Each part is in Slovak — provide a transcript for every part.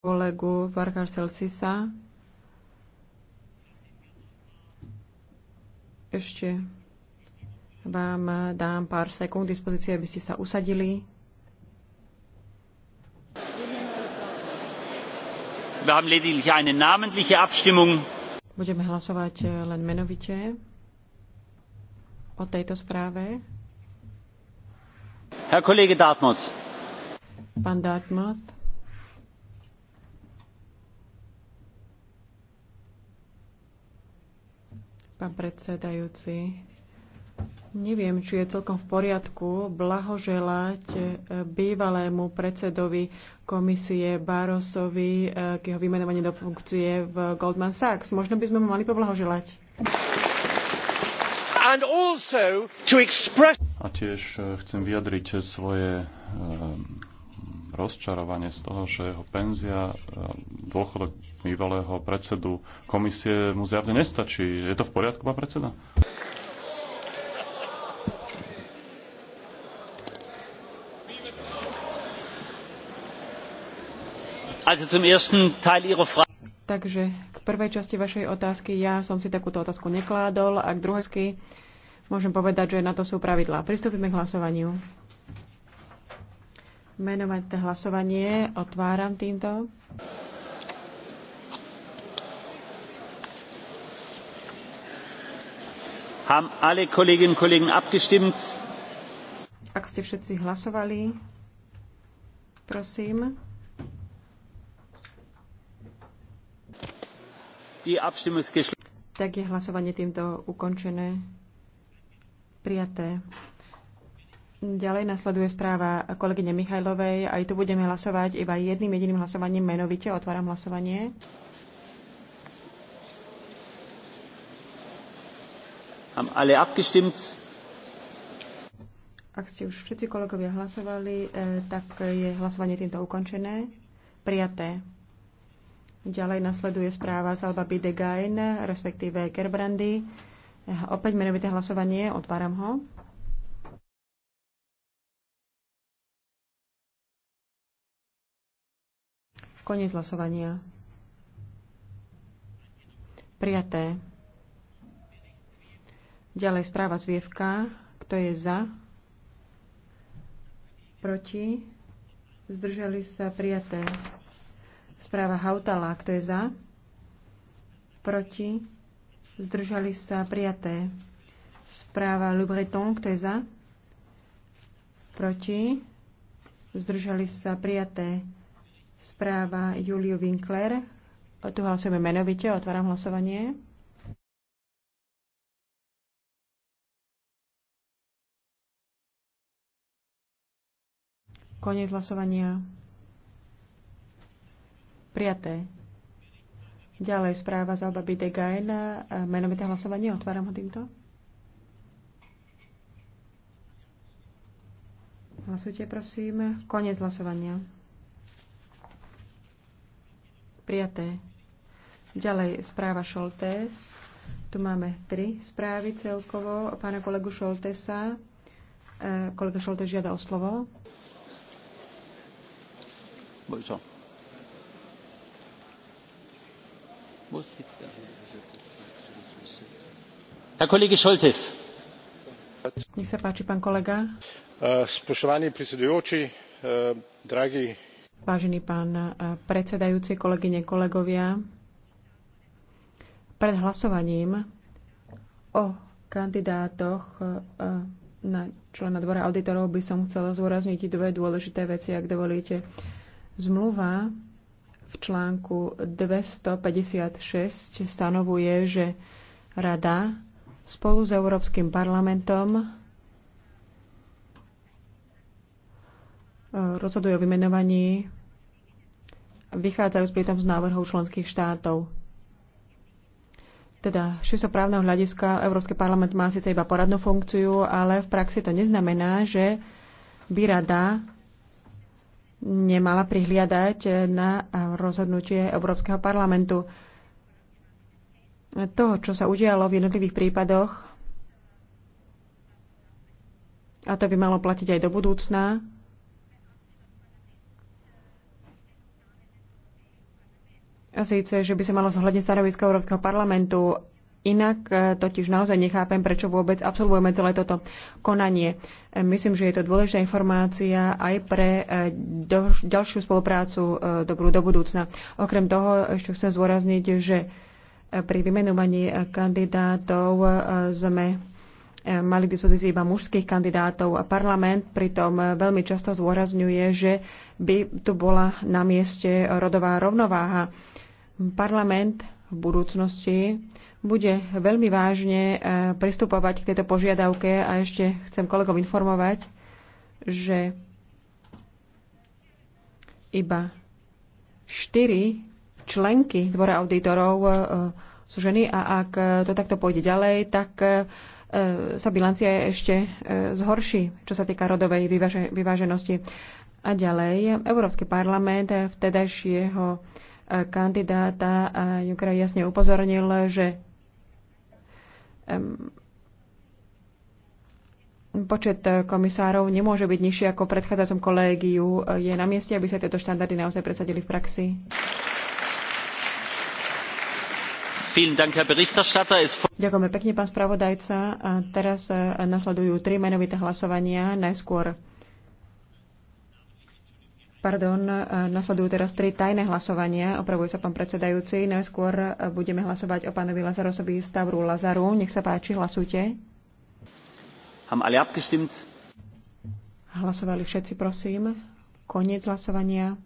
kolegu Varga Celsisa. Ešte vám dám pár sekúnd dispozície, aby ste sa usadili. Budeme hlasovať len menovite o tejto správe. Herr Kollege Dartmouth. Pán Dartmouth. Pán predsedajúci, neviem, či je celkom v poriadku blahoželať e, bývalému predsedovi komisie Barosovi e, k jeho vymenovaní do funkcie v Goldman Sachs. Možno by sme mu mali poblahoželať. And also to express... A tiež e, chcem vyjadriť svoje um rozčarovanie z toho, že jeho penzia, e, dôchodok bývalého predsedu komisie mu zjavne nestačí. Je to v poriadku, pán predseda? Takže k prvej časti vašej otázky ja som si takúto otázku nekládol a k druhej môžem povedať, že na to sú pravidlá. Pristúpime k hlasovaniu menovať to hlasovanie. Otváram týmto. Haben alle Kolleginnen und Kollegen abgestimmt? Ak ste všetci hlasovali, prosím. Die Abstimmung ist Tak je hlasovanie týmto ukončené. Prijaté. Ďalej nasleduje správa kolegyne Michajlovej. Aj tu budeme hlasovať iba jedným jediným hlasovaním menovite. Otváram hlasovanie. alle abgestimmt? Ak ste už všetci kolegovia hlasovali, eh, tak je hlasovanie týmto ukončené. Prijaté. Ďalej nasleduje správa z Alba Bidegain, respektíve Gerbrandy. Eh, opäť menovité hlasovanie, otváram ho. Konec hlasovania. Prijaté. Ďalej správa zvievka. Kto je za? Proti? Zdržali sa prijaté. Správa Hautala. Kto je za? Proti? Zdržali sa prijaté. Správa Le Breton. Kto je za? Proti? Zdržali sa prijaté. Správa Juliu Winkler. Tu hlasujeme menovite. Otváram hlasovanie. Koniec hlasovania. Prijaté. Ďalej správa za oba Bidegajna. Menovité hlasovanie. Otváram ho týmto. Hlasujte, prosím. Koniec hlasovania. Prijaté. Ďalej správa Šoltés. Tu máme tri správy celkovo. Pána kolegu Šoltesa. E, kolega Šoltés žiada o slovo. Bonjour. Herr Kollege Scholtes. Nech sa páči, pán kolega. E, spoštovani predsedujoči, e, dragi Vážený pán eh, predsedajúci, kolegyne, kolegovia, pred hlasovaním o kandidátoch eh, na člena dvora auditorov by som chcela zúrazniť dve dôležité veci, ak dovolíte. Zmluva v článku 256 stanovuje, že Rada spolu s Európskym parlamentom rozhoduje o vymenovaní vychádzajú pritom z návrhov členských štátov. Teda z právneho hľadiska Európsky parlament má síce iba poradnú funkciu, ale v praxi to neznamená, že by rada nemala prihliadať na rozhodnutie Európskeho parlamentu. To, čo sa udialo v jednotlivých prípadoch, a to by malo platiť aj do budúcna, A síce, že by sa malo zohľadniť stanovisko Európskeho parlamentu. Inak e, totiž naozaj nechápem, prečo vôbec absolvujeme celé toto konanie. E, myslím, že je to dôležitá informácia aj pre e, do, ďalšiu spoluprácu dobrú do budúcna. Okrem toho ešte chcem zdôrazniť, že pri vymenovaní kandidátov sme mali k dispozícii iba mužských kandidátov a parlament pritom veľmi často zdôrazňuje, že by tu bola na mieste rodová rovnováha. Parlament v budúcnosti bude veľmi vážne e, pristupovať k tejto požiadavke a ešte chcem kolegov informovať, že iba štyri členky Dvora auditorov e, sú ženy a ak e, to takto pôjde ďalej, tak sa bilancia ešte zhorší, čo sa týka rodovej vyváženosti. A ďalej, Európsky parlament vtedajšieho kandidáta Junckera jasne upozornil, že počet komisárov nemôže byť nižší ako v predchádzajúcom kolégiu. Je na mieste, aby sa tieto štandardy naozaj presadili v praxi. Ďakujeme pekne, pán spravodajca. A teraz eh, nasledujú tri menovité hlasovania. Najskôr Pardon, e, nasledujú teraz tri tajné hlasovania. Opravuje sa pán predsedajúci. Najskôr e, budeme hlasovať o pánovi Lazarosovi Stavru Lazaru. Nech sa páči, hlasujte. Haben alle abgestimmt? Hlasovali všetci, prosím. Koniec hlasovania.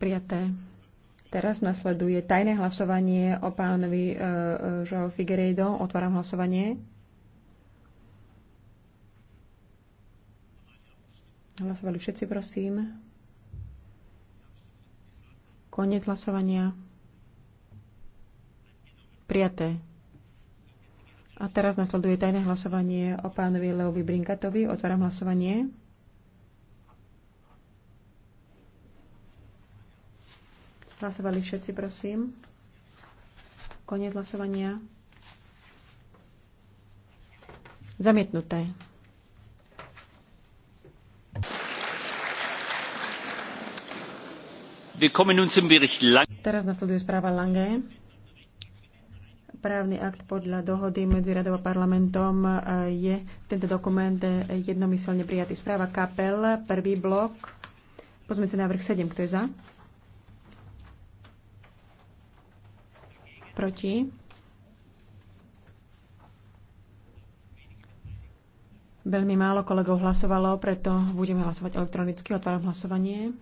Prijaté. Teraz nasleduje tajné hlasovanie o pánovi uh, e, Joao Figueiredo. Otváram hlasovanie. Hlasovali všetci, prosím. Konec hlasovania. Prijaté. A teraz nasleduje tajné hlasovanie o pánovi Leovi Brinkatovi. Otváram hlasovanie. Hlasovali všetci, prosím. Konec hlasovania. Zamietnuté. Teraz nasleduje správa Lange. Právny akt podľa dohody medzi radou a parlamentom eh, je tento dokument eh, jednomyselne prijatý. Správa Kapel, prvý blok, pozmeňujúci návrh 7, kto je za? Proti? Veľmi málo kolegov hlasovalo, preto budeme hlasovať elektronicky. Otváram hlasovanie.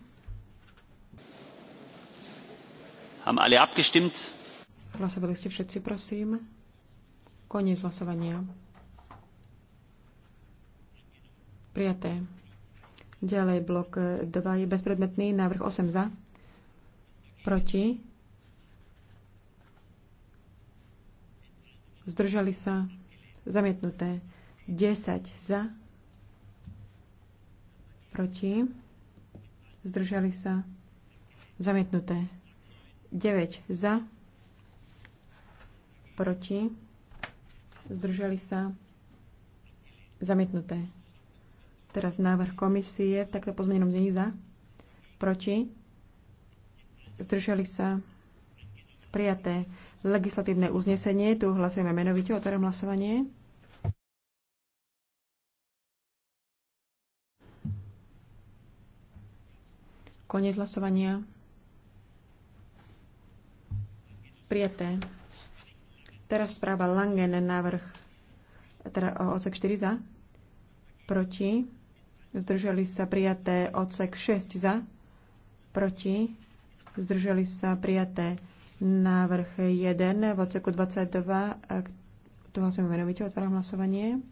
Haben alle abgestimmt? Hlasovali ste všetci, prosím. Koniec hlasovania. Prijaté. Ďalej blok 2 je bezpredmetný. Návrh 8 za. Proti. Zdržali sa. Zamietnuté. 10 za. Proti. Zdržali sa. Zamietnuté. 9 za, proti, zdržali sa, zamietnuté. Teraz návrh komisie v takto pozmenenom znení za, proti, zdržali sa, prijaté. Legislatívne uznesenie, tu hlasujeme menovite, otváram hlasovanie. Koniec hlasovania. Prijaté. Teraz správa Langen, návrh teda odsek 4 za, proti, zdržali sa prijaté odsek 6 za, proti, zdržali sa prijaté návrh 1 v odseku 22, tu hlasujeme menovite, otváram hlasovanie.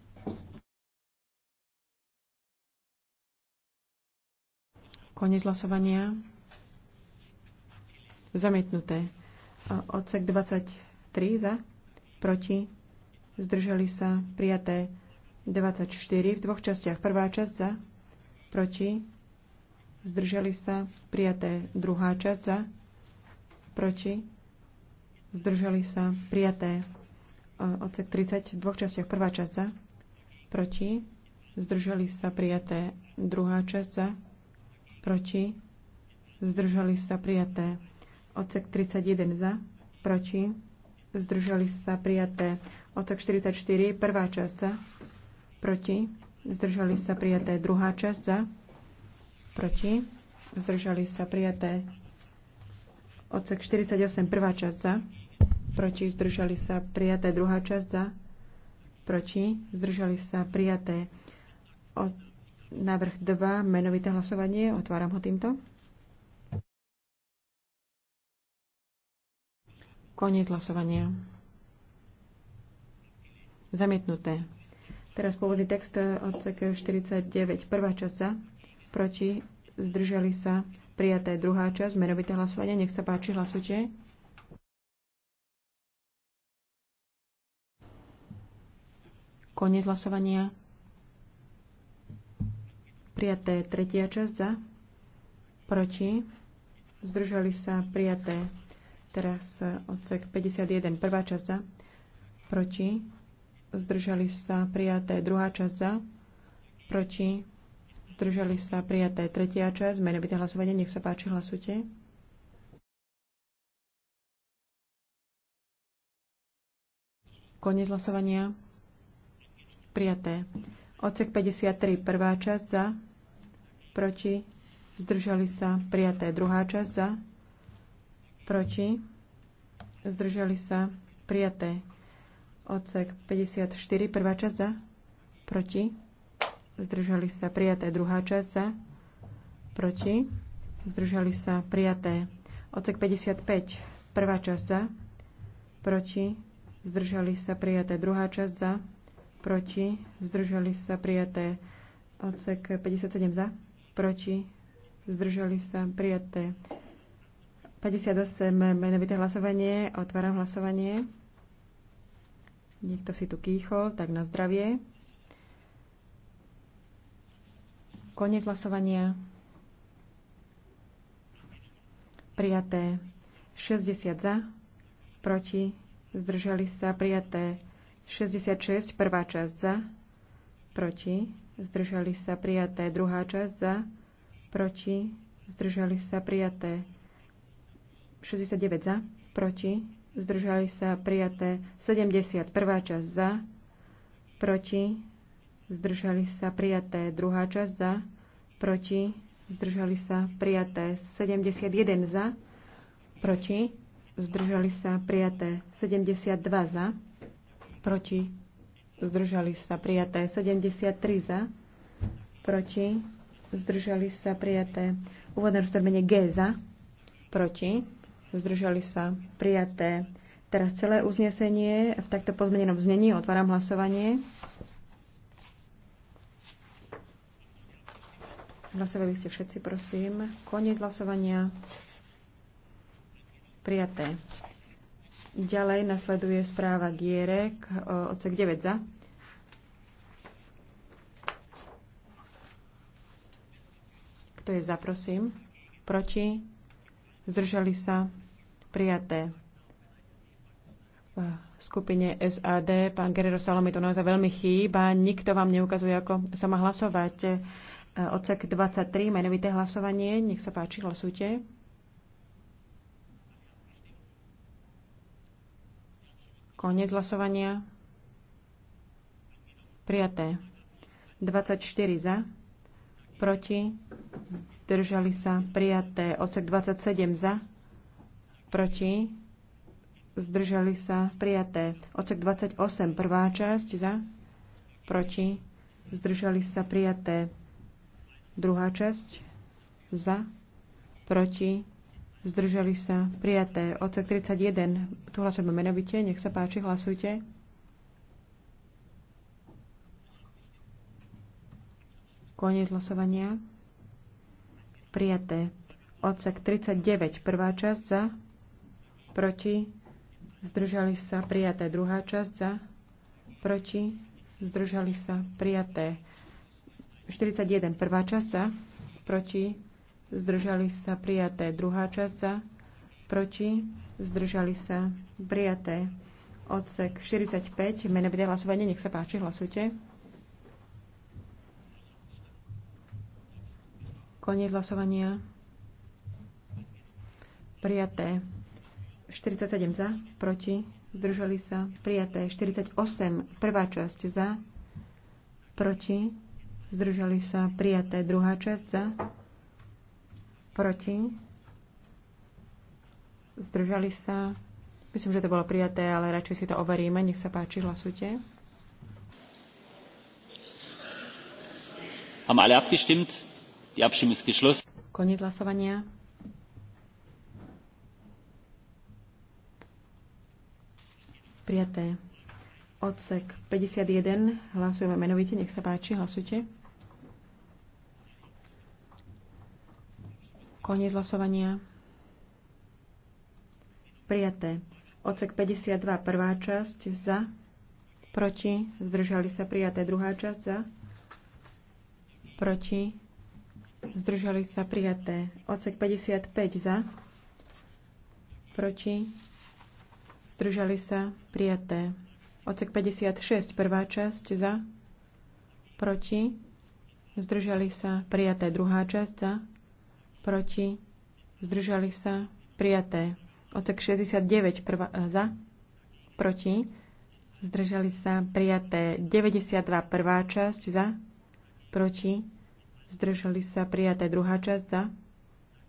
Konec hlasovania. Zamietnuté. Odsek 23 za, proti, zdržali sa, prijaté 24 v dvoch častiach. Prvá časť za, proti, zdržali sa, prijaté druhá časť za, proti, zdržali sa, prijaté e, odsek 30 v dvoch častiach. Prvá časť za, proti, zdržali sa, prijaté druhá časť za, proti, zdržali sa, prijaté Odsek 31 za, proti, zdržali sa prijaté. Odsek 44, prvá časť za, proti, zdržali sa prijaté. Druhá časť za, proti, zdržali sa prijaté. Odsek 48, prvá časť za, proti, zdržali sa prijaté. Druhá časť za, proti, zdržali sa prijaté. Od návrh 2, menovité hlasovanie, otváram ho týmto. Koniec hlasovania. Zamietnuté. Teraz pôvodný text od CK 49. Prvá časť za, proti, zdržali sa, prijaté druhá časť, menovité hlasovanie. Nech sa páči, hlasujte. Koniec hlasovania. Prijaté tretia časť za, proti, zdržali sa, prijaté Teraz e, odsek 51, prvá časť za, proti, zdržali sa prijaté druhá časť za, proti, zdržali sa prijaté tretia časť, menovité hlasovanie, nech sa páči, hlasujte. Koniec hlasovania. Prijaté. Odsek 53, prvá časť za, proti, zdržali sa prijaté druhá časť za, proti, zdržali sa, prijaté. Odsek 54, prvá časť za, proti, zdržali sa, prijaté. Druhá časť za, proti, zdržali sa, prijaté. Odsek 55, prvá časť za, proti, zdržali sa, prijaté. Druhá časť za, proti, zdržali sa, prijaté. Odsek 57 za, proti, zdržali sa, prijaté. 58 menovité hlasovanie. Otváram hlasovanie. Niekto si tu kýchol, tak na zdravie. Koniec hlasovania. Prijaté 60 za, proti, zdržali sa. Prijaté 66, prvá časť za, proti, zdržali sa. Prijaté druhá časť za, proti, zdržali sa. Prijaté 69 za, proti, zdržali sa prijaté 70. Prvá časť za, proti, zdržali sa prijaté druhá časť za, proti, zdržali sa prijaté 71 za, proti, zdržali sa prijaté 72 za, proti, zdržali sa prijaté 73 za, proti, zdržali sa prijaté úvodné rozstavenie G za, proti, zdržali sa, prijaté. Teraz celé uznesenie v takto pozmenenom znení. Otváram hlasovanie. Hlasovali ste všetci, prosím. Koniec hlasovania. Prijaté. Ďalej nasleduje správa Gierek, odsek 9 za. Kto je za, prosím? Proti? Zdržali sa? prijaté. V skupine SAD, pán Guerrero Salomi, to naozaj veľmi chýba. Nikto vám neukazuje, ako sa má hlasovať. E, odsek 23, menovité hlasovanie. Nech sa páči, hlasujte. Konec hlasovania. Prijaté. 24 za. Proti. Zdržali sa. Prijaté. Odsek 27 za proti, zdržali sa prijaté. Odsek 28, prvá časť za, proti, zdržali sa prijaté. Druhá časť za, proti, zdržali sa prijaté. Odsek 31, tu hlasujeme menovite, nech sa páči, hlasujte. Koniec hlasovania. Prijaté. Odsek 39, prvá časť za, proti, zdržali sa prijaté. Druhá časť za, proti, zdržali sa prijaté. 41. Prvá časť za, proti, zdržali sa prijaté. Druhá časť za, proti, zdržali sa prijaté. Odsek 45, mene bude hlasovanie, nech sa páči, hlasujte. Koniec hlasovania. Prijaté. 47 za, proti, zdržali sa, prijaté 48, prvá časť za, proti, zdržali sa, prijaté druhá časť za, proti, zdržali sa, myslím, že to bolo prijaté, ale radšej si to overíme, nech sa páči, hlasujte. Haben alle abgestimmt? Die Abstimmung ist geschlossen. Koniec hlasovania. Prijaté. Odsek 51. Hlasujeme menovite. Nech sa páči, hlasujte. Koniec hlasovania. Prijaté. Odsek 52. Prvá časť za. Proti. Zdržali sa prijaté. Druhá časť za. Proti. Zdržali sa prijaté. Odsek 55 za. Proti Zdržali sa? Prijaté. Ocek 56, prvá časť za, proti, zdržali sa, prijaté. Druhá časť za, proti, zdržali sa, prijaté. Odsek 69, prvá, e, za, proti, zdržali sa, prijaté. 92, prvá časť za, proti, zdržali sa, prijaté. Druhá časť za,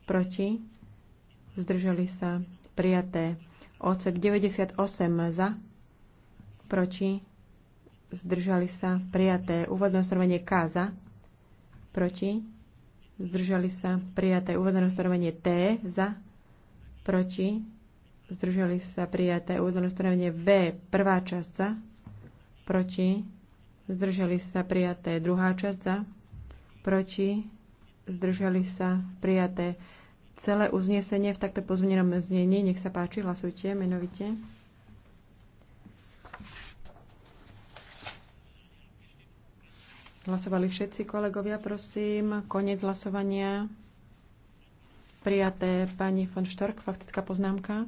proti, zdržali sa, prijaté. Odsek 98 za, proti, zdržali sa, prijaté. Úvodné ustanovenie K za, proti, zdržali sa, prijaté. Úvodné ustanovenie T za, proti, zdržali sa, prijaté. Úvodné ustanovenie V, prvá časť za, proti, zdržali sa, prijaté. Druhá časť za, proti, zdržali sa, prijaté celé uznesenie v takto pozmenenom znení. Nech sa páči, hlasujte menovite. Hlasovali všetci kolegovia, prosím. Konec hlasovania. Prijaté pani von Štork, faktická poznámka.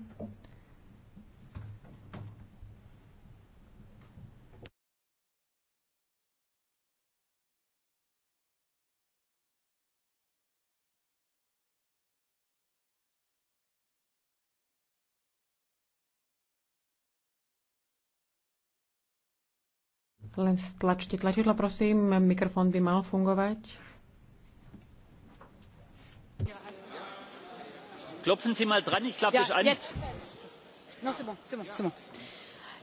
Len stlačte tlačidlo, prosím. Mikrofón by mal fungovať. Klopfen Sie mal dran, ich klappe ja, an. Jetzt. No, c'est bon, c'est bon, c'est bon.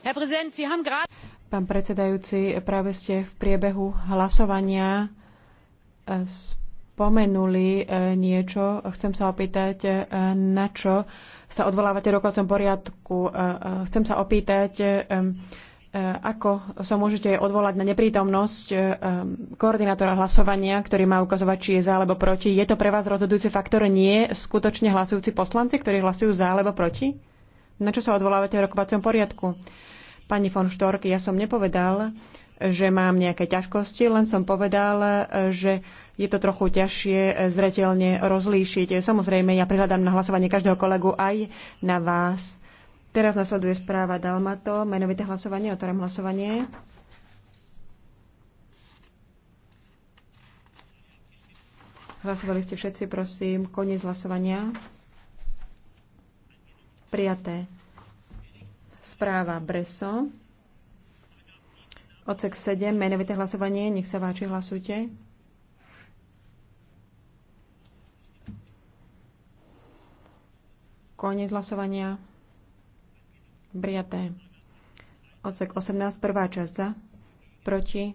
Herr Präsident, Sie haben gerade... Pán predsedajúci, práve ste v priebehu hlasovania eh, spomenuli eh, niečo. Chcem sa opýtať, eh, na čo sa odvolávate rokovacom poriadku. Chcem sa opýtať, E, ako sa môžete odvolať na neprítomnosť e, e, koordinátora hlasovania, ktorý má ukazovať, či je za alebo proti. Je to pre vás rozhodujúci faktor, nie skutočne hlasujúci poslanci, ktorí hlasujú za alebo proti? Na čo sa odvolávate v rokovacom poriadku? Pani von Štork, ja som nepovedal, že mám nejaké ťažkosti, len som povedal, že je to trochu ťažšie zretelne rozlíšiť. Samozrejme, ja prihľadám na hlasovanie každého kolegu aj na vás Teraz nasleduje správa Dalmato, menovité hlasovanie, otvorím hlasovanie. Hlasovali ste všetci, prosím, koniec hlasovania. Prijaté. Správa Breso. Ocek 7, menovité hlasovanie, nech sa váči, hlasujte. Koniec hlasovania. Briaté. Ocek 18, prvá časť za, proti,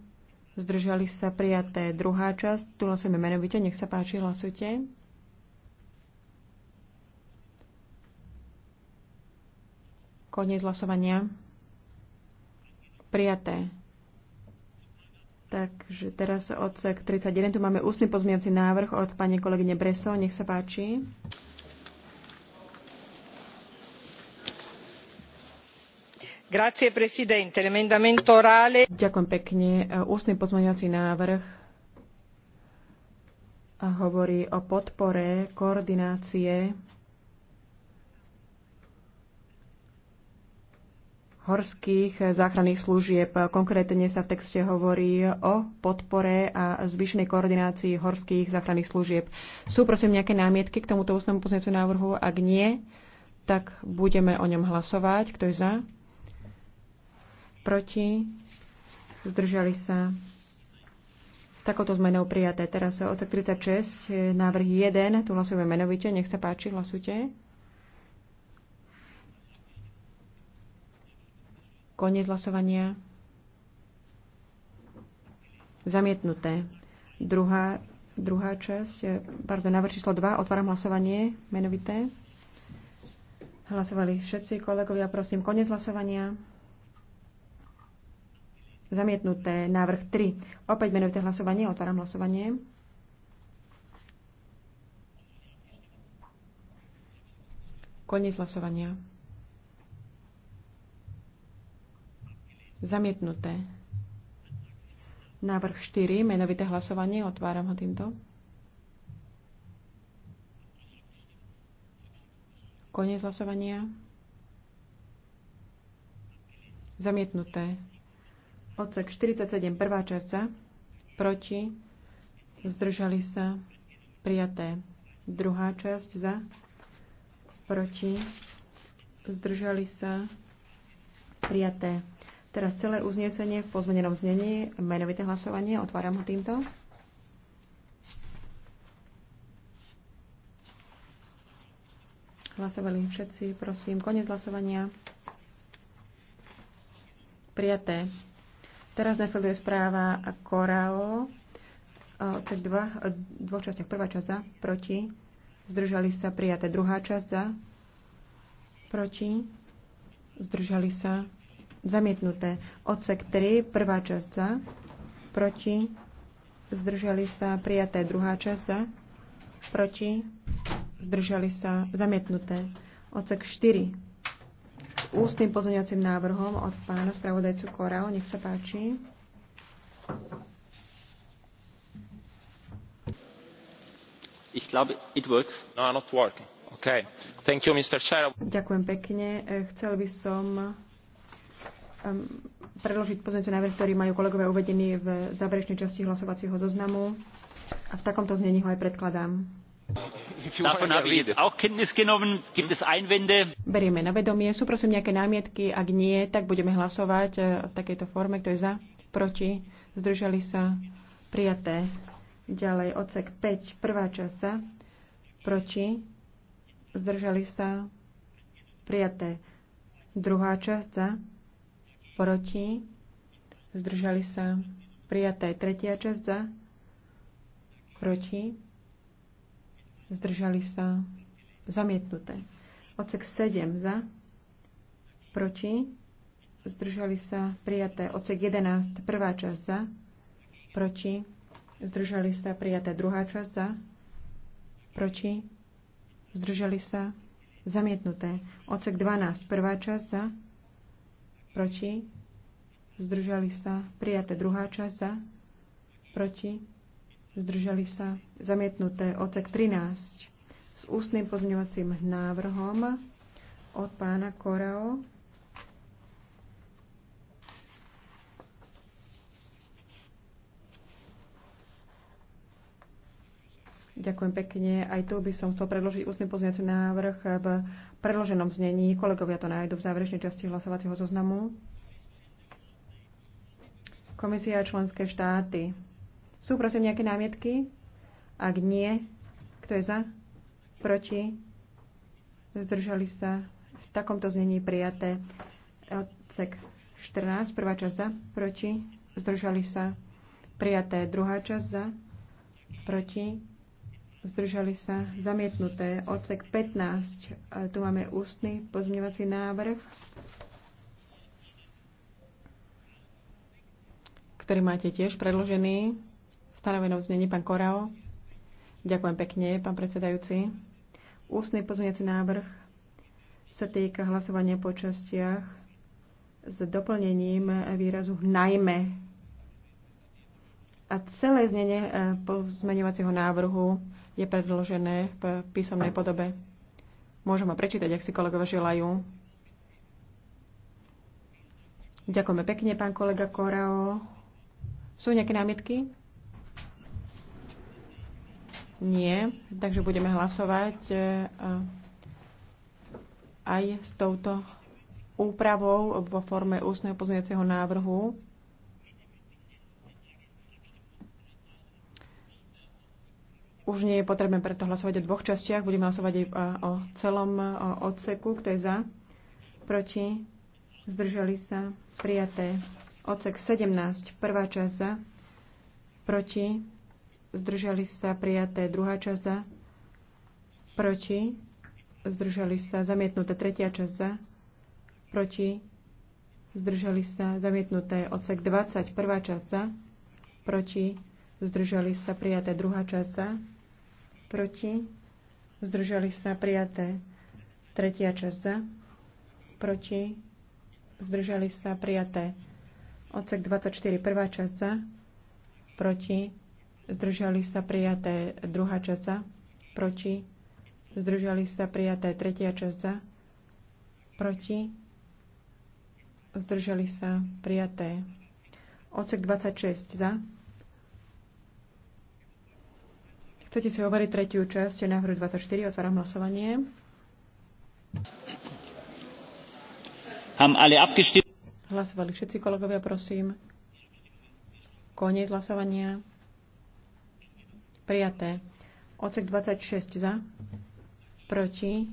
zdržali sa prijaté. Druhá časť, tu hlasujeme menovite, nech sa páči, hlasujte. Koniec hlasovania. Prijaté. Takže teraz odsek 31. Tu máme ústny pozmiaci návrh od pani kolegyne Breso. Nech sa páči. Grazie, orale... Ďakujem pekne. E, ústny pozmeňovací návrh hovorí o podpore koordinácie horských záchranných služieb. Konkrétne sa v texte hovorí o podpore a zvýšenej koordinácii horských záchranných služieb. Sú prosím nejaké námietky k tomuto ústnemu pozmeňovaciu návrhu? Ak nie, tak budeme o ňom hlasovať. Kto je za? proti, zdržali sa. S takouto zmenou prijaté. Teraz o 36, návrh 1, tu hlasujeme menovite, nech sa páči, hlasujte. Koniec hlasovania. Zamietnuté. Druhá, druhá časť, pardon, návrh číslo 2, otváram hlasovanie, menovité. Hlasovali všetci kolegovia, prosím, koniec hlasovania. Zamietnuté. Návrh 3. Opäť menujte hlasovanie. Otváram hlasovanie. Koniec hlasovania. Zamietnuté. Návrh 4. Menovité hlasovanie. Otváram ho týmto. Koniec hlasovania. Zamietnuté. Odsek 47, prvá časť za, proti, zdržali sa, prijaté. Druhá časť za, proti, zdržali sa, prijaté. Teraz celé uznesenie v pozmenenom znení, menovité hlasovanie, otváram ho týmto. Hlasovali všetci, prosím, koniec hlasovania. Prijaté. Teraz nasleduje správa Korao, odsek dva o dvoch častiach. Prvá časť za, proti, zdržali sa prijaté. Druhá časť za, proti, zdržali sa zamietnuté. Odsek 3, prvá časť za, proti, zdržali sa prijaté. Druhá časť za, proti, zdržali sa zamietnuté. Odsek 4, ústnym pozorňacím návrhom od pána spravodajcu Korao. Nech sa páči. Ich glaube, it works. No, not working. Okay. Thank you, Mr. Chair. Ďakujem pekne. Eh, chcel by som um, predložiť pozornice návrh, ktorý majú kolegové uvedený v záverečnej časti hlasovacieho zoznamu a v takomto znení ho aj predkladám. Berieme na vedomie. Sú prosím nejaké námietky? Ak nie, tak budeme hlasovať e, v takejto forme. Kto je za? Proti? Zdržali sa? Prijaté. Ďalej odsek 5, prvá časť za. Proti? Zdržali sa? Prijaté. Druhá časť za. Proti? Zdržali sa? Prijaté. Tretia časť za. Proti? zdržali sa, zamietnuté. Odsek 7 za, proti, zdržali sa, prijaté. Odsek 11, prvá časť za, proti, zdržali sa, prijaté. Druhá časť za, proti, zdržali sa, zamietnuté. Odsek 12, prvá časť za, proti, zdržali sa, prijaté. Druhá časť za, proti, zdržali sa, zamietnuté. Ocek 13 s ústnym pozňovacím návrhom od pána Koreo. Ďakujem pekne. Aj tu by som chcel predložiť ústny pozňovací návrh v predloženom znení. Kolegovia to nájdu v záverečnej časti hlasovacieho zoznamu. Komisia a členské štáty sú prosím nejaké námietky? Ak nie, kto je za? Proti? Zdržali sa? V takomto znení prijaté odsek 14, prvá časť za, proti, zdržali sa, prijaté druhá časť za, proti, zdržali sa, zamietnuté. Odsek 15, tu máme ústny pozmeňovací návrh, ktorý máte tiež predložený stanovenom znení. Pán Korao. Ďakujem pekne, pán predsedajúci. Ústny pozmeňací návrh sa týka hlasovania po častiach s doplnením výrazu najmä. A celé znenie e, pozmeňovacieho návrhu je predložené v písomnej podobe. Môžeme prečítať, ak si kolegovia želajú. Ďakujeme pekne, pán kolega Korao. Sú nejaké námietky? Nie, takže budeme hlasovať e, e, aj s touto úpravou vo forme ústneho pozmeňujúceho návrhu. Už nie je potrebné preto hlasovať o dvoch častiach. Budeme hlasovať aj e, o celom odseku. Kto je za? Proti? Zdržali sa? Prijaté. Odsek 17. Prvá časť za? Proti? zdržali sa prijaté druhá časť za, proti, zdržali sa zamietnuté tretia časť za, proti, zdržali sa zamietnuté odsek 20, prvá časť za, proti, zdržali sa prijaté druhá časť za, proti, zdržali sa prijaté tretia časť za, proti, zdržali sa prijaté odsek 24, prvá časť za, proti, zdržali sa prijaté druhá časť za, proti, zdržali sa prijaté tretia časť za, proti, zdržali sa prijaté odsek 26 za. Chcete si overiť tretiu časť hru 24, otváram hlasovanie. Hlasovali všetci kolegovia, prosím. Koniec hlasovania. Prijaté. Ocek 26 za. Proti.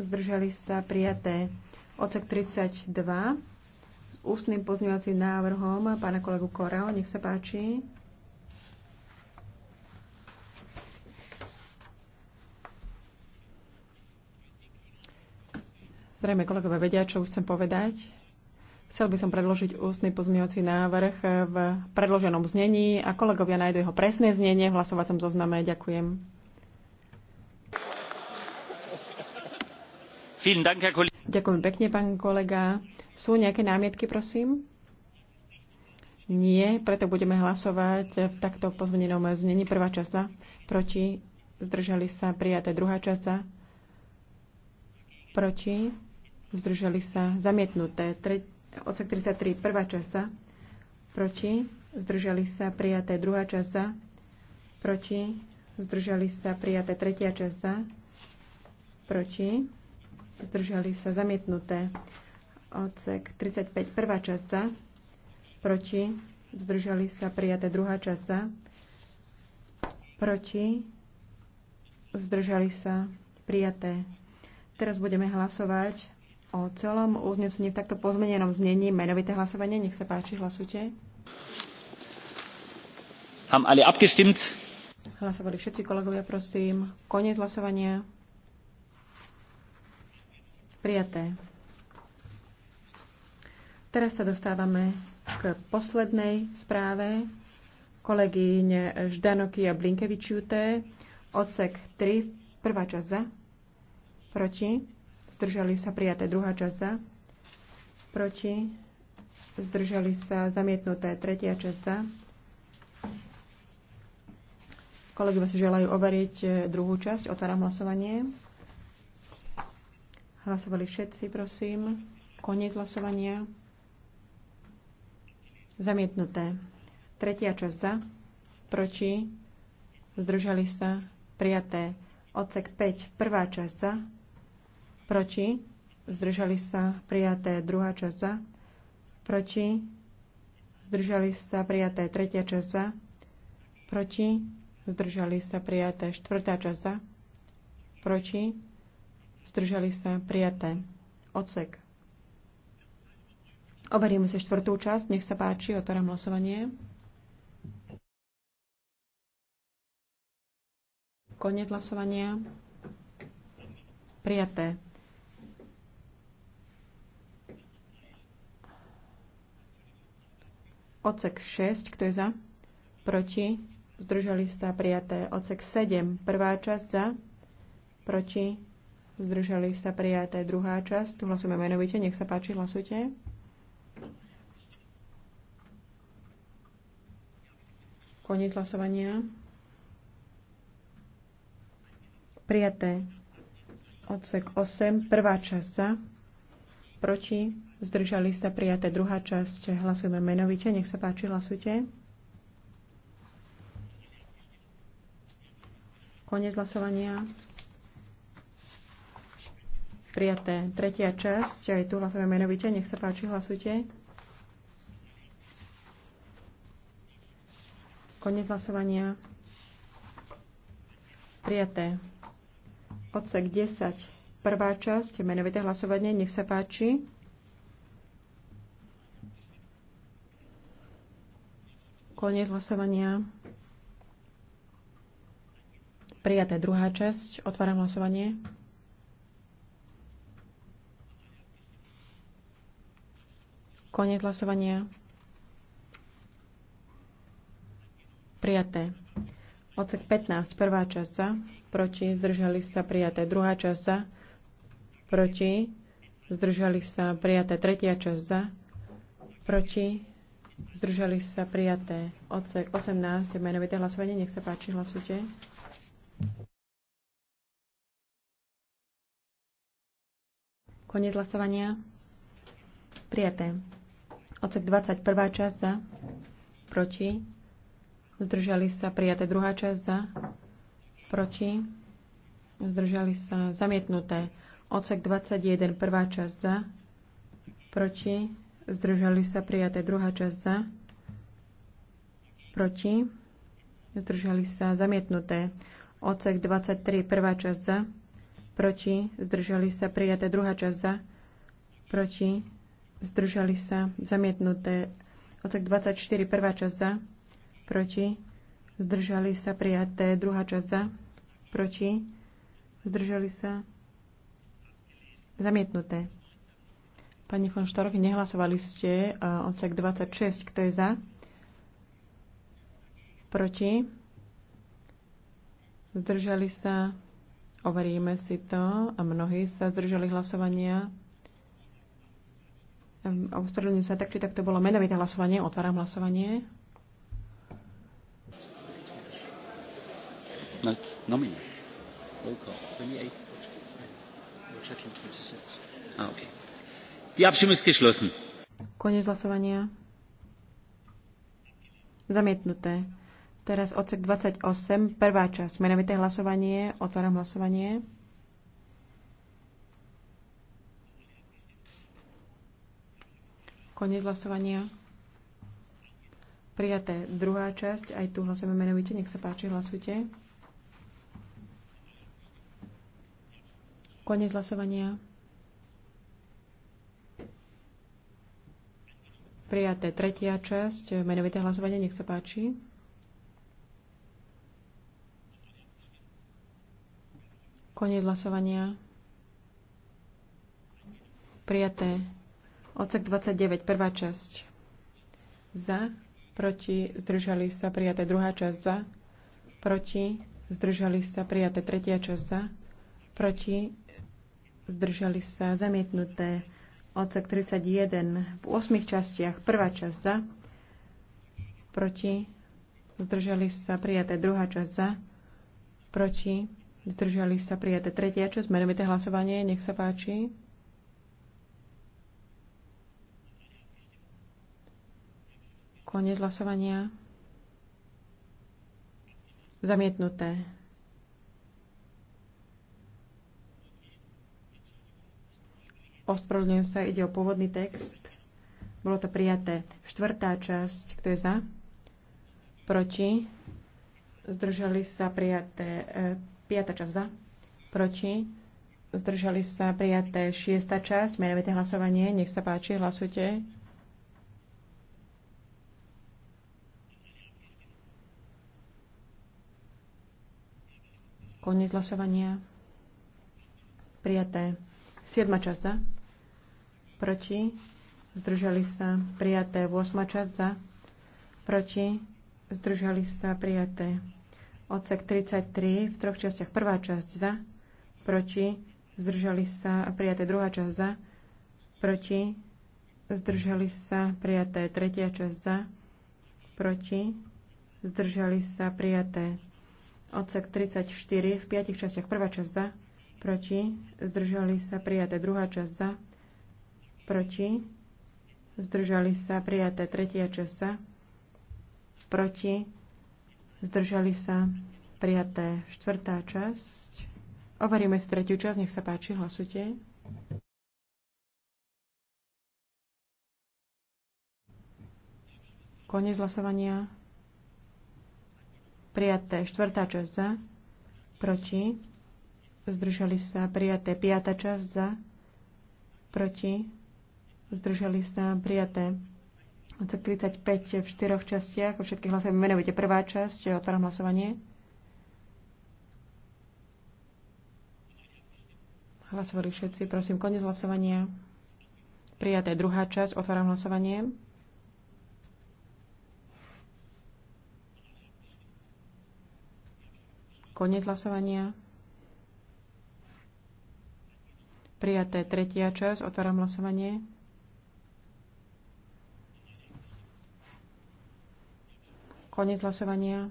Zdržali sa. Prijaté. Ocek 32 s ústnym pozňovacím návrhom pána kolegu Koreo. Nech sa páči. Zrejme kolegové vedia, čo už chcem povedať. Chcel by som predložiť ústny pozmeňovací návrh v predloženom znení a kolegovia nájdu jeho presné znenie v hlasovacom zozname. Ďakujem. Ďakujem pekne, pán kolega. Sú nejaké námietky, prosím? Nie, preto budeme hlasovať v takto pozmenenom znení. Prvá časa. proti, zdržali sa, prijaté druhá časa. proti, zdržali sa, zamietnuté. Tre- odsek 33, prvá časa, proti, zdržali sa prijaté druhá časa, proti, zdržali sa prijaté tretia časa, proti, zdržali sa zamietnuté odsek 35, prvá časť za, proti, zdržali sa prijaté druhá časť za, proti, zdržali sa prijaté. Teraz budeme hlasovať o celom uznesení v takto pozmenenom znení menovité hlasovanie. Nech sa páči, hlasujte. Haben alle abgestimmt? Hlasovali všetci kolegovia, prosím. Koniec hlasovania. Prijaté. Teraz sa dostávame k poslednej správe kolegyne Ždanoky a Blinkevičiute. Odsek 3, prvá časť za, proti zdržali sa prijaté. Druhá časť za, proti, zdržali sa zamietnuté. Tretia časť za. Kolegovia si želajú overiť e, druhú časť. Otváram hlasovanie. Hlasovali všetci, prosím. Koniec hlasovania. Zamietnuté. Tretia časť za. Proti. Zdržali sa. Prijaté. Odsek 5. Prvá časť za proti, zdržali sa prijaté druhá časť za, proti, zdržali sa prijaté tretia časť za, proti, zdržali sa prijaté štvrtá časť za, proti, zdržali sa prijaté odsek. Overíme si štvrtú časť, nech sa páči, otváram hlasovanie. Koniec hlasovania. Prijaté. Ocek 6, kto je za? Proti? Zdržali sa prijaté. Ocek 7, prvá časť za? Proti? Zdržali sa prijaté. Druhá časť. Tu hlasujeme menovite. Nech sa páči, hlasujte. Koniec hlasovania. Prijaté. Odsek 8, prvá časť za proti, zdržali sa prijaté. Druhá časť, hlasujeme menovite. Nech sa páči, hlasujte. Konec hlasovania. Prijaté. Tretia časť, aj tu hlasujeme menovite. Nech sa páči, hlasujte. Konec hlasovania. Prijaté. Odsek 10. Prvá časť, menovité hlasovanie, nech sa páči. Koniec hlasovania. Prijaté druhá časť. Otváram hlasovanie. Koniec hlasovania. Prijaté. Odsek 15, prvá časť sa. proti, zdržali sa prijaté, druhá časť sa proti, zdržali sa prijaté. Tretia časť za, proti, zdržali sa prijaté. Odsek 18, menovité hlasovanie, nech sa páči, hlasujte. Koniec hlasovania. Prijaté. Odsek 21 časť za, proti, zdržali sa prijaté druhá časť za, proti, zdržali sa zamietnuté. Odsek 21, prvá časť za, proti, zdržali sa prijaté druhá časť za, proti, zdržali sa zamietnuté. Odsek 23, prvá časť za, proti, zdržali sa prijaté druhá časť za, proti, zdržali sa zamietnuté. Odsek 24, prvá časť za, proti, zdržali sa prijaté druhá časť za, proti, zdržali sa Zamietnuté. Pani von Štorok, nehlasovali ste e, odsek 26. Kto je za? Proti? Zdržali sa? Overíme si to. A mnohí sa zdržali hlasovania. Ospravedlňujem sa tak, či tak to bolo menovité hlasovanie. Otváram hlasovanie. No, no, no, Ah, Koniec hlasovania. Zamietnuté. Teraz odsek 28, prvá časť. Menovité hlasovanie. Otváram hlasovanie. Koniec hlasovania. Prijaté druhá časť. Aj tu hlasujeme menovite. Nech sa páči, hlasujte. Konec hlasovania. Prijaté tretia časť, menovité hlasovanie, nech sa páči. Konec hlasovania. Prijaté. Odsek 29, prvá časť. Za, proti, zdržali sa, prijaté druhá časť za, proti, zdržali sa, prijaté tretia časť za, proti, zdržali sa zamietnuté odsek 31 v 8 častiach. Prvá časť za, proti, zdržali sa prijaté druhá časť za, proti, zdržali sa prijaté tretia časť. Menovité hlasovanie, nech sa páči. Koniec hlasovania. Zamietnuté. Ospravedlňujem sa, ide o pôvodný text. Bolo to prijaté. Štvrtá časť, kto je za? Proti. Zdržali sa prijaté. E, Piatá časť za? Proti. Zdržali sa prijaté. Šiesta časť, menovité hlasovanie. Nech sa páči, hlasujte. Koniec hlasovania. Prijaté. Siedma časť za proti, zdržali sa prijaté. 8. časť za, proti, zdržali sa prijaté. Odsek 33 v troch častiach. Prvá časť za, proti, zdržali sa prijaté. Druhá časť za, proti, zdržali sa prijaté. Tretia časť za, proti, zdržali sa prijaté. Odsek 34 v piatich častiach. Prvá časť za, proti, zdržali sa prijaté. Druhá časť za, proti, zdržali sa prijaté tretia časť proti, zdržali sa prijaté štvrtá časť. Overíme si tretiu časť, nech sa páči, hlasujte. Koniec hlasovania. Prijaté štvrtá časť za, proti, zdržali sa prijaté piatá časť za, proti, zdržali sa prijaté. 35 v štyroch častiach, o všetkých hlasoch menovite. Prvá časť, otváram hlasovanie. Hlasovali všetci, prosím, koniec hlasovania. Prijaté druhá časť, otváram hlasovanie. Koniec hlasovania. Prijaté tretia časť, otváram hlasovanie. Konec hlasovania.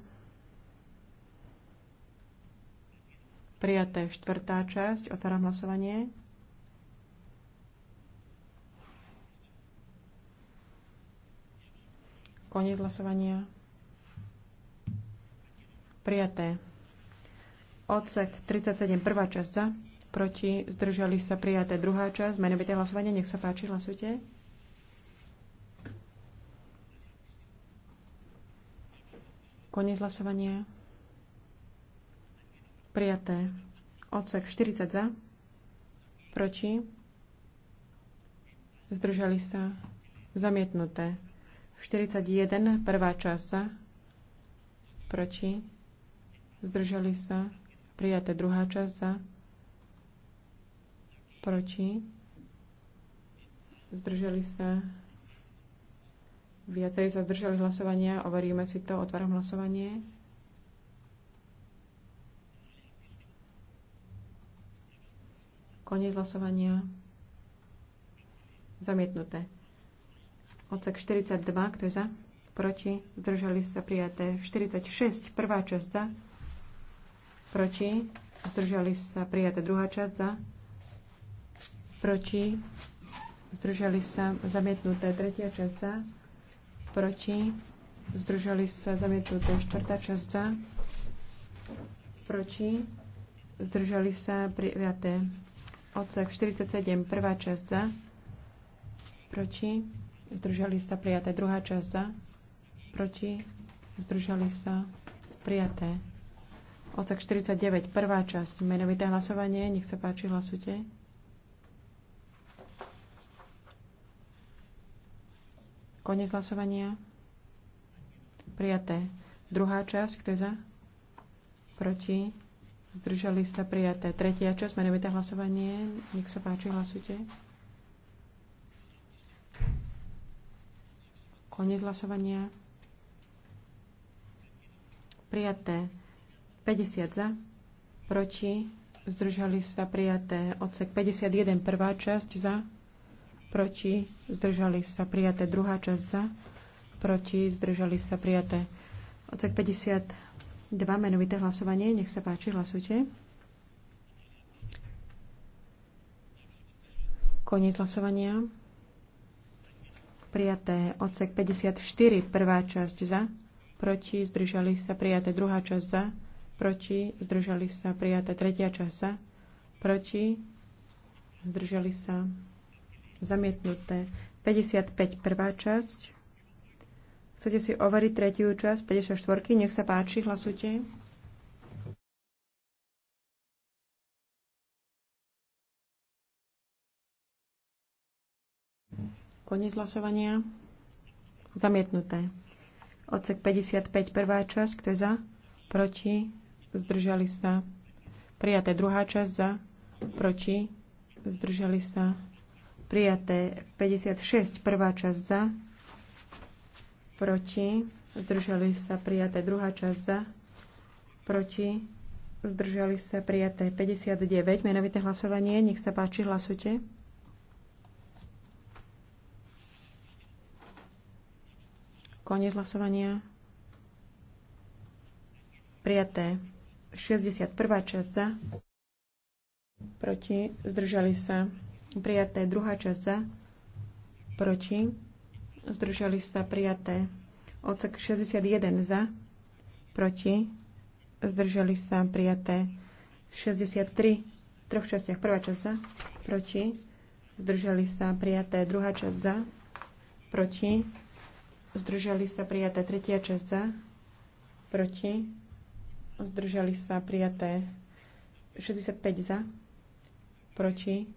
Prijaté štvrtá časť. Otváram hlasovanie. Koniec hlasovania. Prijaté. Odsek 37, prvá časť za. Proti zdržali sa prijaté druhá časť. Menovité hlasovanie. Nech sa páči, hlasujte. Koniec hlasovania. Prijaté. Odsek 40 za. Proti. Zdržali sa. Zamietnuté. 41. Prvá časť za. Proti. Zdržali sa. Prijaté druhá časť za. Proti. Zdržali sa. Viacerí sa zdržali hlasovania. Overíme si to. Otváram hlasovanie. Koniec hlasovania. Zamietnuté. Odsek 42, kto je za? Proti. Zdržali sa prijaté. 46, prvá časť za. Proti. Zdržali sa prijaté. Druhá časť za. Proti. Zdržali sa zamietnuté. Tretia časť za proti, zdržali sa zamietnuté štvrtá časť za, proti, zdržali sa prijaté. Odsek 47, prvá časť za, proti, zdržali sa prijaté. Druhá časť za, proti, zdržali sa prijaté. Odsek 49, prvá časť, menovité hlasovanie, nech sa páči, hlasujte. Konec hlasovania. Prijaté. Druhá časť, kto je za? Proti? Zdržali sa prijaté. Tretia časť, menovité hlasovanie. Nech sa páči, hlasujte. Konec hlasovania. Prijaté. 50 za. Proti? Zdržali sa prijaté. Odsek 51, prvá časť za proti, zdržali sa prijaté. Druhá časť za, proti, zdržali sa prijaté. Odsek 52, menovité hlasovanie. Nech sa páči, hlasujte. Koniec hlasovania. Prijaté odsek 54, prvá časť za, proti, zdržali sa prijaté druhá časť za, proti, zdržali sa prijaté tretia časť za, proti, zdržali sa Zamietnuté. 55. Prvá časť. Chcete si overiť tretiu časť, 54. Nech sa páči, hlasujte. Koniec hlasovania. Zamietnuté. Odsek 55, prvá časť, kto je za? Proti? Zdržali sa. Prijaté druhá časť za? Proti? Zdržali sa Prijaté 56, prvá časť za, proti, zdržali sa prijaté druhá časť za, proti, zdržali sa prijaté 59, menovité hlasovanie, nech sa páči, hlasujte. Koniec hlasovania. Prijaté 61. časť za, proti, zdržali sa prijaté. Druhá časť za, proti, zdržali sa prijaté. Odsek 61 za, proti, zdržali sa prijaté. 63 v troch častiach. Prvá časť za, proti, zdržali sa prijaté. Druhá časť za, proti, zdržali sa prijaté. Tretia časť za, proti, zdržali sa prijaté. 65 za, proti,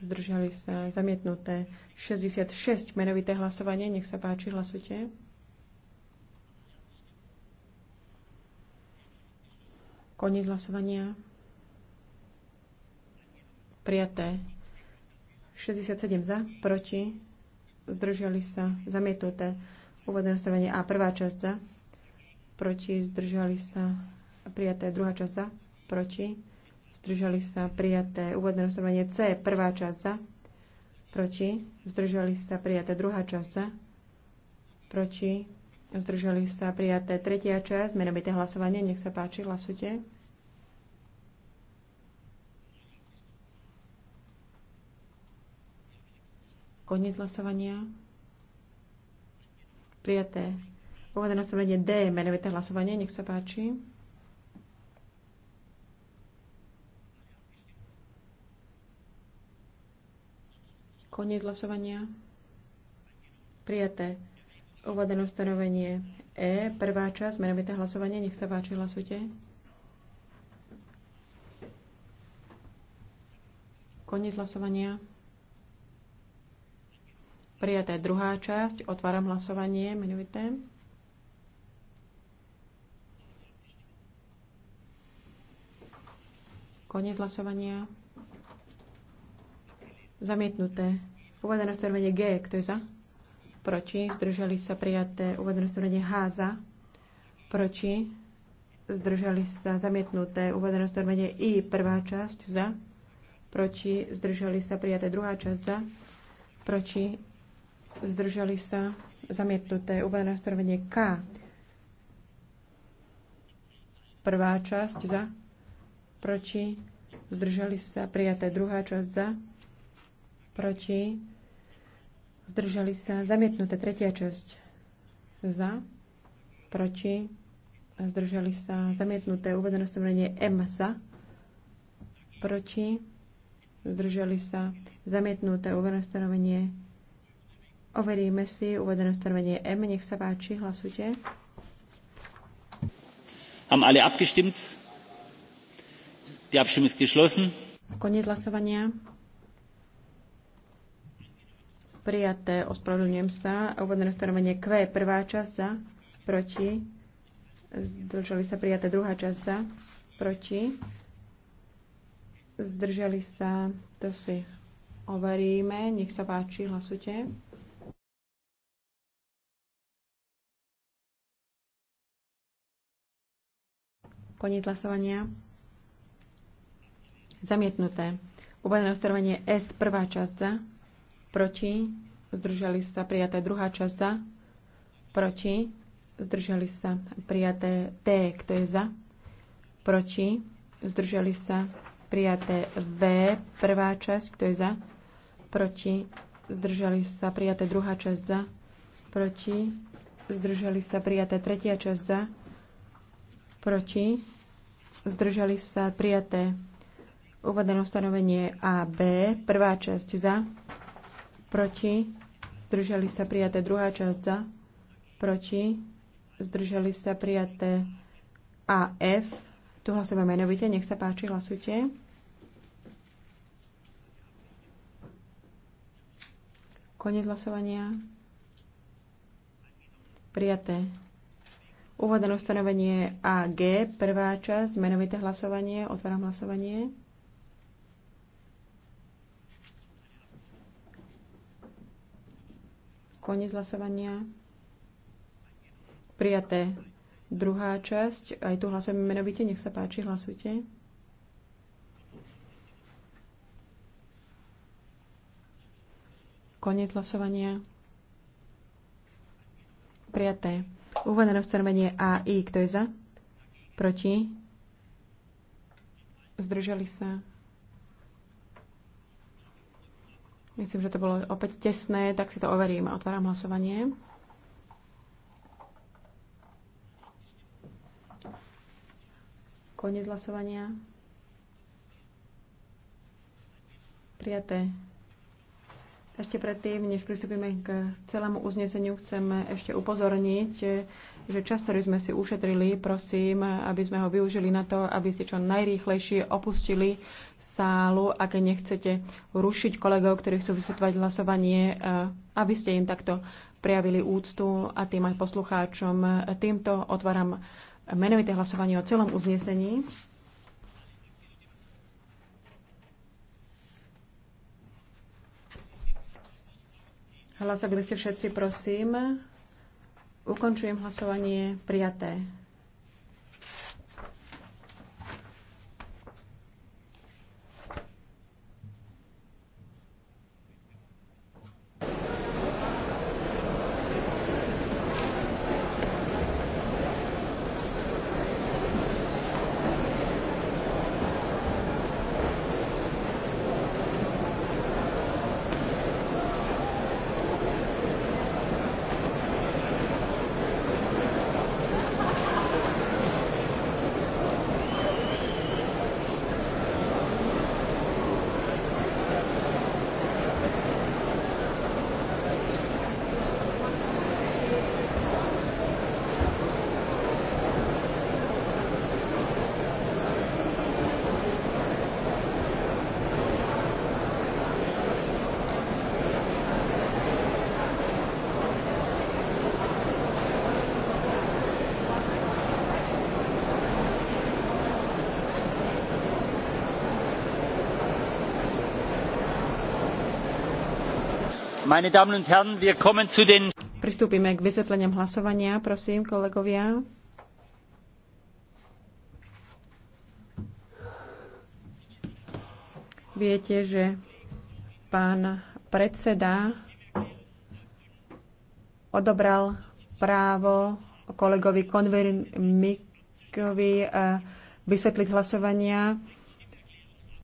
zdržali sa zamietnuté 66, menovité hlasovanie, nech sa páči, hlasujte. Koniec hlasovania. Prijaté. 67 za, proti, zdržali sa, zamietnuté. Úvodné ustanovenie A, prvá časť za, proti, zdržali sa, prijaté. Druhá časť za, proti, zdržali sa prijaté úvodné hlasovanie C, prvá časť za, proti, zdržali sa prijaté druhá časť za, proti, zdržali sa prijaté tretia časť, menovité hlasovanie, nech sa páči, hlasujte. Koniec hlasovania. Prijaté. Uvedené stanovenie D, menovité hlasovanie, nech sa páči. Koniec hlasovania. Prijaté. Uvedené ustanovenie E, prvá časť, menovité hlasovanie. Nech sa páči, hlasujte. Koniec hlasovania. Prijaté druhá časť. Otváram hlasovanie, menovité. Koniec hlasovania. Zamietnuté. Uvedené ustanovenie G. Kto je za? Proti. Zdržali sa prijaté. Uvedené ustanovenie H. Za. Proti. Zdržali sa zamietnuté. Uvedené ustanovenie I. Prvá časť. Za. Proti. Zdržali sa prijaté. Druhá časť. Za. Proti. Zdržali sa zamietnuté. Uvedené ustanovenie K. Prvá časť. Za. Proti. Zdržali sa prijaté. Druhá časť. Za proti, zdržali sa, zamietnuté tretia časť za, proti, zdržali sa, zamietnuté uvedené stvorenie M za, proti, zdržali sa, zamietnuté uvedené stanovenie, Overíme si uvedené ustanovenie M. Nech sa páči, hlasujte. Haben alle abgestimmt? Die Abstimmung ist geschlossen. Koniec hlasovania prijaté, ospravedlňujem sa. Úvodné ustanovenie Q, prvá časť za, proti. Zdržali sa prijaté, druhá časť za, proti. Zdržali sa, to si overíme. Nech sa páči, hlasujte. Koniec hlasovania. Zamietnuté. Uvedené ustanovenie S, prvá časť za proti, zdržali sa prijaté druhá časť za, proti, zdržali sa prijaté T, kto je za, proti, zdržali sa prijaté V, prvá časť, kto je za, proti, zdržali sa prijaté druhá časť za, proti, zdržali sa prijaté tretia časť za, proti, zdržali sa prijaté uvedené ustanovenie A, B, prvá časť za, proti, zdržali sa prijaté druhá časť za, proti, zdržali sa prijaté AF. Tu hlasujeme menovite, nech sa páči, hlasujte. Konec hlasovania. Prijaté. Úvodné ustanovenie AG, prvá časť, menovité hlasovanie, otváram hlasovanie. Koniec hlasovania. Prijaté. Druhá časť. Aj tu hlasujeme menovite. Nech sa páči, hlasujte. Koniec hlasovania. Prijaté. Úvodné a AI. Kto je za? Proti? Zdržali sa? Myslím, že to bolo opäť tesné, tak si to overím. Otváram hlasovanie. Koniec hlasovania. Prijaté. Ešte predtým, než pristúpime k celému uzneseniu, chceme ešte upozorniť, že čas, ktorý sme si ušetrili, prosím, aby sme ho využili na to, aby ste čo najrýchlejšie opustili sálu, aké nechcete rušiť kolegov, ktorí chcú vysvetľovať hlasovanie, eh, aby ste im takto prejavili úctu a tým aj poslucháčom. Týmto otváram menovité hlasovanie o celom uznesení. Hlasovali ste všetci, prosím. Ukončujem hlasovanie prijaté. Pristúpime k vysvetleniam hlasovania. Prosím, kolegovia. Viete, že pán predseda odobral právo kolegovi Konvermikovi eh, vysvetliť hlasovania.